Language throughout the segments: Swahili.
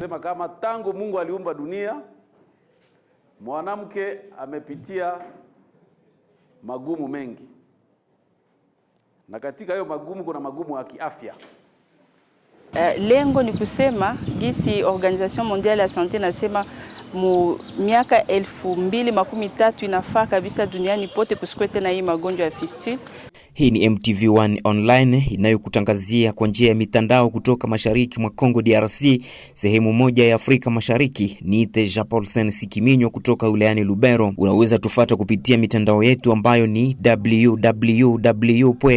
kusema kama tangu Mungu aliumba dunia mwanamke amepitia magumu mengi, na katika hayo magumu kuna magumu ya kiafya. Eh, lengo ni kusema gisi Organisation Mondiale ya Sante nasema mu miaka elfu mbili makumi tatu inafaa kabisa duniani pote kusikuwe tena hii magonjwa ya fistule hii ni MTV1 online inayokutangazia kwa njia ya mitandao kutoka mashariki mwa Congo DRC, sehemu moja ya Afrika Mashariki. Niite Jean sen sikiminywa kutoka wilayani Lubero. Unaweza tufata kupitia mitandao yetu ambayo ni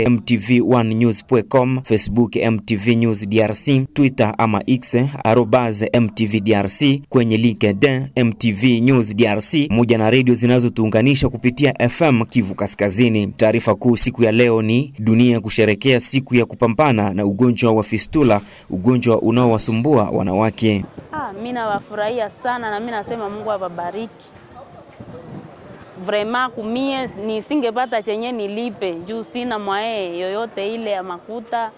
mtv 1 newscom Facebook MTV News DRC, Twitter ama X arobas MTV DRC, kwenye LinkedIn MTV News DRC, pamoja na redio zinazotuunganisha kupitia FM Kivu Kaskazini. Taarifa kuu siku ya leo leo ni dunia kusherekea siku ya kupambana na ugonjwa wa fistula, ugonjwa unaowasumbua wanawake. Ah, mimi nawafurahia sana na mimi nasema Mungu awabariki. Vrema kumie nisingepata chenye nilipe juu sina mwaee yoyote ile ya makuta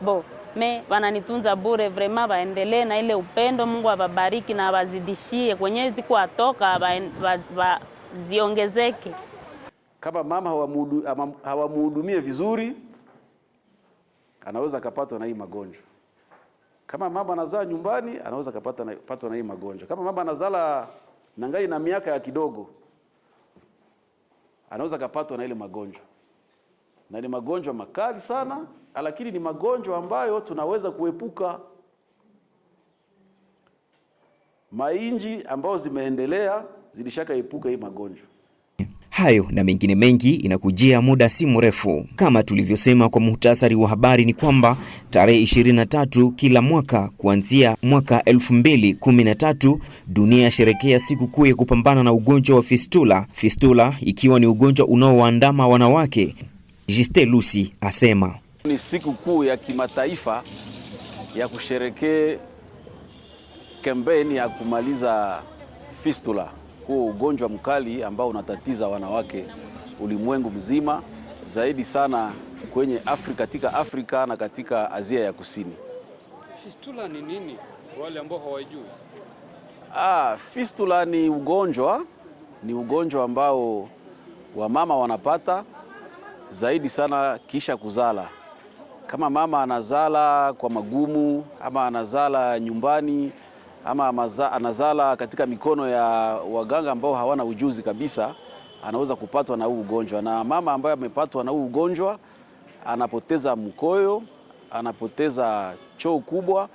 bo me wananitunza bure. Vrema waendelee na ile upendo, Mungu awabariki na wazidishie kwenye ziku atoka waziongezeke. Kama mama hawamhudumie vizuri, anaweza akapatwa na hii magonjwa. Kama mama anazaa nyumbani, anaweza akapatwa na hii magonjwa. Kama mama anazala nangali na miaka ya kidogo, anaweza akapatwa na ile magonjwa, na ni magonjwa makali sana, lakini ni magonjwa ambayo tunaweza kuepuka. Mainji ambayo zimeendelea zilishakaepuka hii magonjwa. Hayo na mengine mengi inakujia muda si mrefu. Kama tulivyosema kwa muhtasari wa habari, ni kwamba tarehe 23 kila mwaka kuanzia mwaka 2013 dunia yasherekea siku kuu ya kupambana na ugonjwa wa fistula, fistula ikiwa ni ugonjwa unaowaandama wanawake. Jiste Lucy asema ni siku kuu ya kimataifa ya kusherekea kampeni ya kumaliza fistula kuwa ugonjwa mkali ambao unatatiza wanawake ulimwengu mzima, zaidi sana kwenye Afrika, katika Afrika na katika Asia ya Kusini. Fistula ni nini kwa wale ambao hawajui? Ah, fistula ni ugonjwa ni ugonjwa ambao wamama wanapata zaidi sana kisha kuzala. Kama mama anazala kwa magumu ama anazala nyumbani ama maza, anazala katika mikono ya waganga ambao hawana ujuzi kabisa, anaweza kupatwa na huu ugonjwa. Na mama ambaye amepatwa na huu ugonjwa anapoteza mkoyo, anapoteza choo kubwa,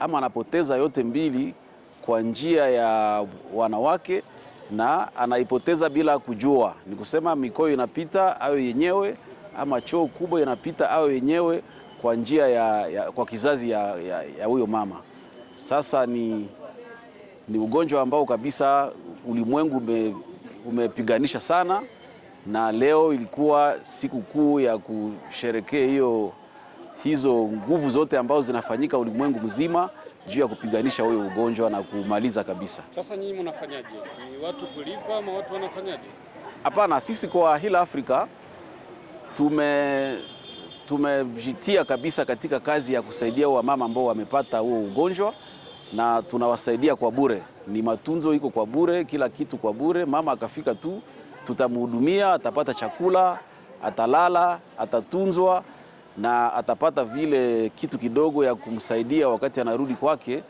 ama anapoteza yote mbili kwa njia ya wanawake na anaipoteza bila kujua. Ni kusema mikoyo inapita ayo yenyewe ama choo kubwa inapita ayo yenyewe kwa njia ya, ya, kwa kizazi ya huyo mama sasa ni, ni ugonjwa ambao kabisa ulimwengu ume, umepiganisha sana, na leo ilikuwa siku kuu ya kusherekea hiyo hizo nguvu zote ambazo zinafanyika ulimwengu mzima juu ya kupiganisha huyo ugonjwa na kumaliza kabisa. Sasa nyinyi mnafanyaje? Ni watu kulipa ama watu wanafanyaje? Hapana, sisi kwa hila afrika tume tumejitia kabisa katika kazi ya kusaidia wamama ambao wamepata huo ugonjwa na tunawasaidia kwa bure, ni matunzo iko kwa bure, kila kitu kwa bure. Mama akafika tu, tutamhudumia, atapata chakula, atalala, atatunzwa na atapata vile kitu kidogo ya kumsaidia wakati anarudi kwake,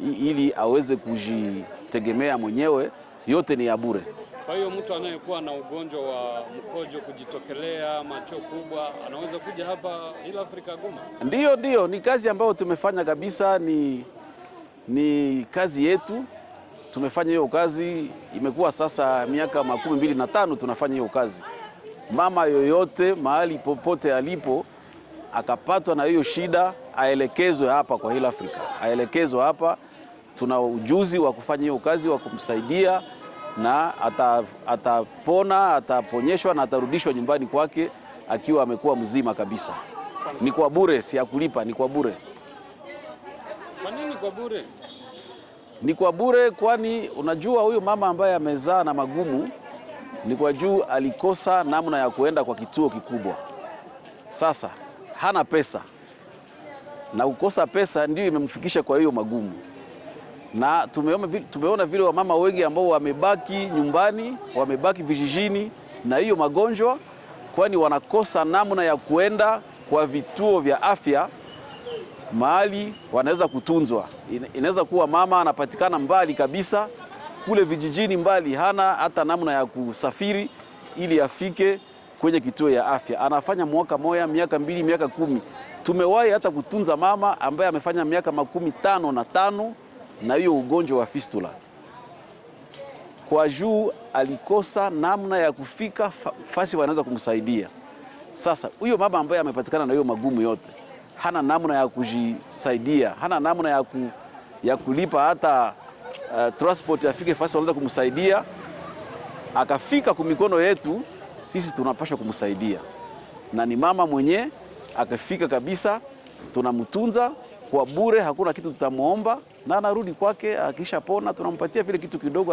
ili aweze kujitegemea mwenyewe yote ni ya bure. Kwa hiyo mtu anayekuwa na ugonjwa wa mkojo kujitokelea macho kubwa anaweza kuja hapa ila afrika Goma. Ndiyo, ndiyo, ni kazi ambayo tumefanya kabisa, ni, ni kazi yetu. Tumefanya hiyo kazi, imekuwa sasa miaka makumi mbili na tano tunafanya hiyo kazi. Mama yoyote mahali popote alipo akapatwa na hiyo shida aelekezwe hapa kwa Heal Africa, aelekezwe hapa tuna ujuzi wa kufanya hiyo kazi wa kumsaidia na atapona, ataponyeshwa na atarudishwa nyumbani kwake akiwa amekuwa mzima kabisa. Ni kwa bure, si ya kulipa, ni kwa bure. Kwa nini kwa bure? Ni kwa bure, kwani unajua huyu mama ambaye amezaa na magumu ni kwa juu alikosa namna ya kuenda kwa kituo kikubwa. Sasa hana pesa na kukosa pesa ndio imemfikisha kwa hiyo magumu na tumeona vile, tumeona vile wamama wengi ambao wamebaki nyumbani, wamebaki vijijini na hiyo magonjwa, kwani wanakosa namna ya kuenda kwa vituo vya afya mahali wanaweza kutunzwa. Inaweza kuwa mama anapatikana mbali kabisa kule vijijini, mbali, hana hata namna ya kusafiri ili afike kwenye kituo ya afya. Anafanya mwaka moya, miaka mbili, miaka kumi. Tumewahi hata kutunza mama ambaye amefanya miaka makumi tano na tano na hiyo ugonjwa wa fistula. Kwa juu alikosa namna ya kufika fasi wanaweza kumsaidia. Sasa huyo mama ambaye amepatikana na hiyo magumu yote hana namna ya kujisaidia, hana namna ya, ku, ya kulipa hata uh, transport afike fasi wanaweza kumsaidia, akafika kumikono yetu sisi, tunapaswa kumsaidia na ni mama mwenye akafika kabisa, tunamtunza kwa bure, hakuna kitu tutamwomba, na anarudi kwake, akishapona tunampatia vile kitu kidogo